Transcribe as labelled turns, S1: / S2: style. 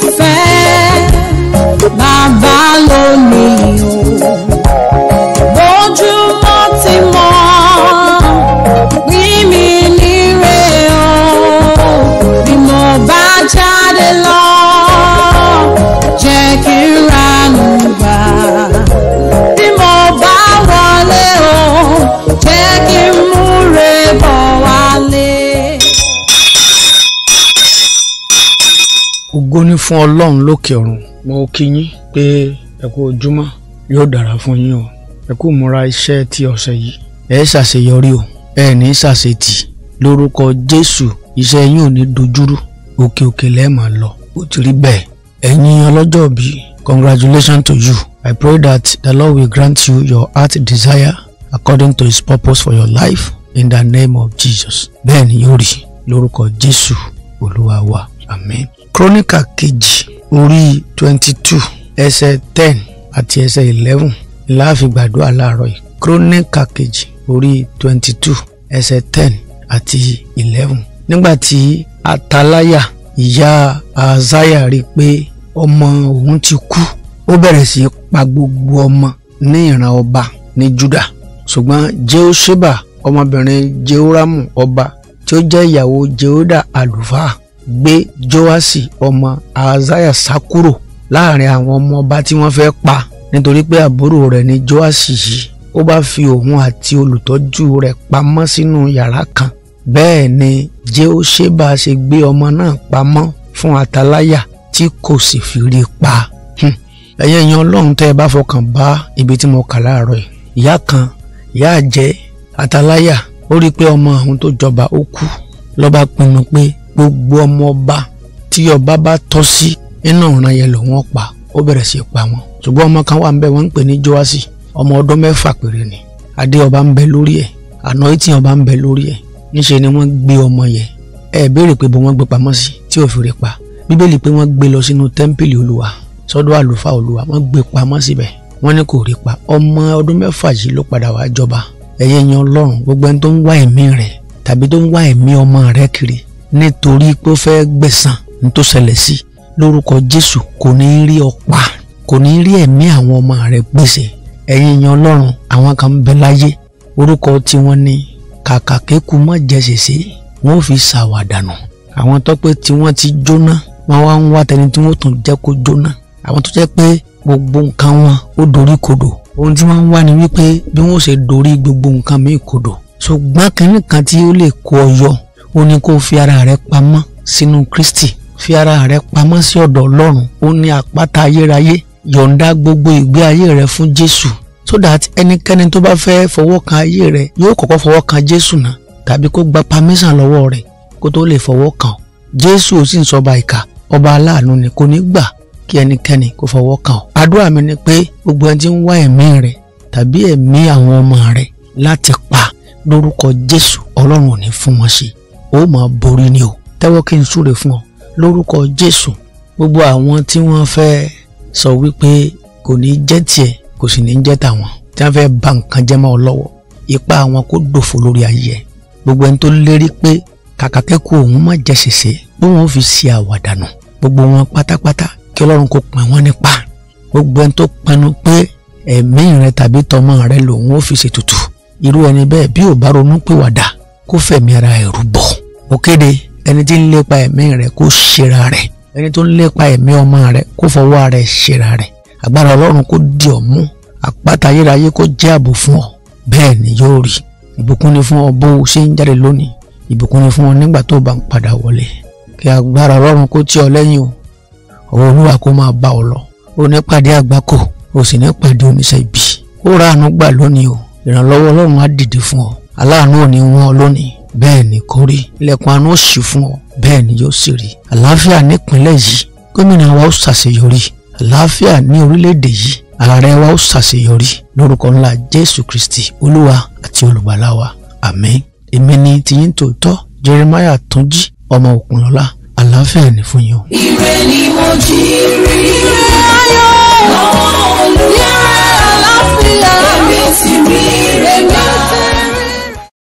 S1: Dios ògo ní fún ọlọ́run lókè ọ̀run mo kí yín pé ẹ kú ojúmọ́ yóò dára fún yín o ẹ kú múra iṣẹ́ ti ọ̀sẹ̀ yìí ẹ ṣàṣeyọrí o ẹ ní ṣàṣetì lórúkọ jésù iṣẹ́ yín ò ní dojúrú òkè òkè lẹ́ẹ̀mà lọ ó ti rí bẹ́ẹ̀ ẹ̀yin ọlọ́jọ́ bí congratulations to you I pray that the Lord will grant you your heart desire according to his purpose for your life in the name of Jesus bẹ́ẹ̀ ni yóò rí lórúkọ jésù olúwa wa amen. Chronicle kejì orí twenty two ẹsẹ̀ ten àti ẹsẹ̀ eleven láàfin gbàdúrà láàárọ̀ yìí króníkà kejì orí twenty two ẹsẹ̀ ten àti eleven nígbà atalaya ìyá azaya rí i pé ọmọ òun ti kú ó bẹ̀rẹ̀ sí í pa gbogbo ọmọ ní ìran ọba ní juda ṣùgbọ́n jehosheba ọmọbìnrin jehoramu ọba tí ó jẹ́ ìyàwó jehoda àlùfáà gbé Jóásì ọmọ Azaya sá kúrò láàrin àwọn ọmọ ọba tí wọ́n fẹ́ pa nítorí pé àbúrò rẹ̀ ni Jóásì yìí ó bá fi òun àti olùtọ́jú rẹ̀ pamọ́ sínú yàrá kan bẹ́ẹ̀ ni Jehoṣeba ṣe gbé ọmọ náà pamọ́ fún Ataláyà tí kò sì fi rí i pa hmm. ẹ̀yin èèyàn ọlọ́run tẹ́ ẹ bá fọkàn bá ibi tí mo kà láàárọ̀ yìí ìyá kan ìyá àjẹ́ Ataláyà ó rí i pé ọmọ àwọn tó jọba ó kú ló pinnu pé gbogbo ọmọ ọba tí ọba bá tọ́ sí iná ọ̀ràn yẹn lòun pa ó bẹ̀rẹ̀ sí pa wọn ṣùgbọ́n ọmọ kan wà ń bẹ wọ́n ń pè ní joasi ọmọ ọdún mẹ́fà péré ni adé ọba ń bẹ lórí ẹ̀ àná etí ọba ń bẹ lórí ẹ̀ níṣẹ́ ni wọ́n gbé ọmọ yẹn ẹ béèrè pé bó wọ́n gbé pamọ́ sí tí ò fi rí pa bíbélì pé wọ́n gbé lọ sínú tẹ́ḿpìlì olúwa sọ́dọ̀ àlùfáà olúwa wọ́n gbé pamọ́ síbẹ̀ wọ́n ní kò rí pa ọmọ ọdún mẹ́fà yìí ló padà wá jọba ẹ̀yẹ yan ọlọ́run gbogbo ẹni tó ń wá ẹ̀mí rẹ̀ tàbí tó ń wá ẹ̀mí ọmọ rẹ̀ kiri nítorí pé ó fẹ́ gbẹ̀san ní tó ṣẹlẹ̀ sí lórúkọ Jésù kò ní rí ọ̀pá kò ní rí ẹ̀mí àwọn ọmọ rẹ̀ gbèsè ẹ̀yin èèyàn Ọlọ́run àwọn kan ń bẹ láyé orúkọ tiwọn ni kàkà kéku mọ́ jẹ̀sẹ̀sẹ̀ wọ́n fi ṣàwàdànù àwọn tó pé tiwọn ti jóná wọ́n wá ń wá tẹni tí wọ́n tún jẹ́ kó jóná àwọn tó jẹ́ pé gbogbo nǹkan wọn ó dorí kodò ohun tí wọ́n ń wá ni wípé bí wọ́n ṣe dorí gbogbo nǹkan míì kodò ṣùgbọ́n kínní kan tí ó lè kó ọ yọ ó ní kó fi ara rẹ pamọ́ sínú Kristi fi ara rẹ pamọ́ sí ọ̀dọ̀ Ọlọ́run ó ní àpáta ayérayé yọ̀ǹda gbogbo ìgbé ayé rẹ fún Jésù so that ẹnikẹ́ni tó bá fẹ́ fọwọ́ kan ayé rẹ yóò kọ́kọ́ fọwọ́ kan Jésù náà tàbí kó gba pamẹ́sàn lọ́wọ́ rẹ̀ kó tó lè fọwọ́ kàn Jésù ò sì ń sọba ìkà ọba aláàánú ni kò ní gbà kí ẹnikẹ́ni kó fọwọ́ kàn ọ́. àdúrà mi ni pé gbogbo ẹni tí ń wá ẹ̀mí rẹ tàbí ẹ̀mí àwọn ọmọ rẹ láti pa lórúkọ Jésù Ọlọ́run ò ní fún wọn ṣe ó máa borí ni o tẹ́wọ́ kí n súre fún ọ lórúkọ Jésù gbogbo àwọn tí wọ́n fẹ́ sọ wípé kò ní jẹ́ tiẹ̀ kò sì ní jẹ́ tàwọn tí wọ́n fẹ́ ba nǹkan jẹ́ mọ́ ọ lọ́wọ́ ipá àwọn kò dòfo lórí ayé gbogbo ẹni tó lérí pé kàkàkẹ́kọ̀ọ́ òun má jẹ́ ṣèṣe bí wọ́n fi ṣe àwàdànù gbogbo wọn pátápátá kí Ọlọ́run kò pín wọ́n nípa gbogbo ẹni tó pinnu pé ẹ̀mí rẹ tàbí tọmọ rẹ lòun ó fi ṣètùtù irú ẹni bẹ́ẹ̀ bí ò bá ronú pìwàdà kó fẹ̀mí ara ẹ̀rù bọ̀ mo kéde ẹni tí ń lépa ẹ̀mí rẹ̀ kó ṣera rẹ̀ ẹni tó ń lépa ẹ̀mí ọmọ rẹ̀ kó fọwọ́ rẹ̀ ṣera rẹ̀ agbára ọlọ́run kó di ọ́ mú àpáta ayérayé kó jẹ́ ààbò fún ọ bẹ́ẹ̀ ni yóò rí ìbùkún ni fún ọ bó o ṣe ń jáde lónìí ìbùkún ni fún ọ nígbà tó o bá ń padà wọlé kí agbára ọlọ́run kó tì ọ lẹ́yìn o ọwọ́ olúwa kó máa bá ọ lọ o ní pàdé àgbákò o sì ní pàdé oníṣẹ́ ibi ó ra àánú gbà lónìí o ìrànlọ́wọ́ ọlọ́run á dìde fún ọ aláàánú ò ní wọ́n lónìí bẹ́ẹ̀ ni kò rí ilẹ̀kùn àánú ó ṣí fún ọ bẹ́ẹ̀ ni yóò sì rí àlàáfíà nípínlẹ̀ yìí gómìnà wa ó ṣàṣeyọrí àlàáfíà ní orílẹ̀-èdè yìí ààrẹ wa ó ṣàṣeyọrí lórúkọ ńlá jésù kristi olúwa àti olùgbàlà wa àmín èmi ni tiyín tòótọ́ jeremiah túnjí ọmọ òkúnlọ́lá àlàáfíà ni fún yín o. ire ni mo jí rí rẹ́.